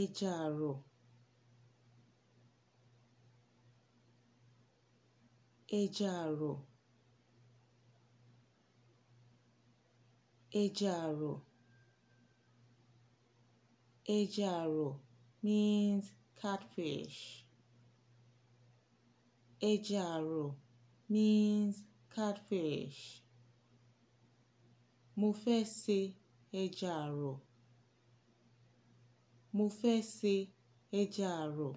ẹja àrọ̀ ẹja àrọ̀ ẹja àrọ̀ ẹja àrọ̀ means catfish ẹja àrọ̀ means catfish mo fẹ́ se ẹja àrọ̀ mo fẹ́ se ẹja àrọ̀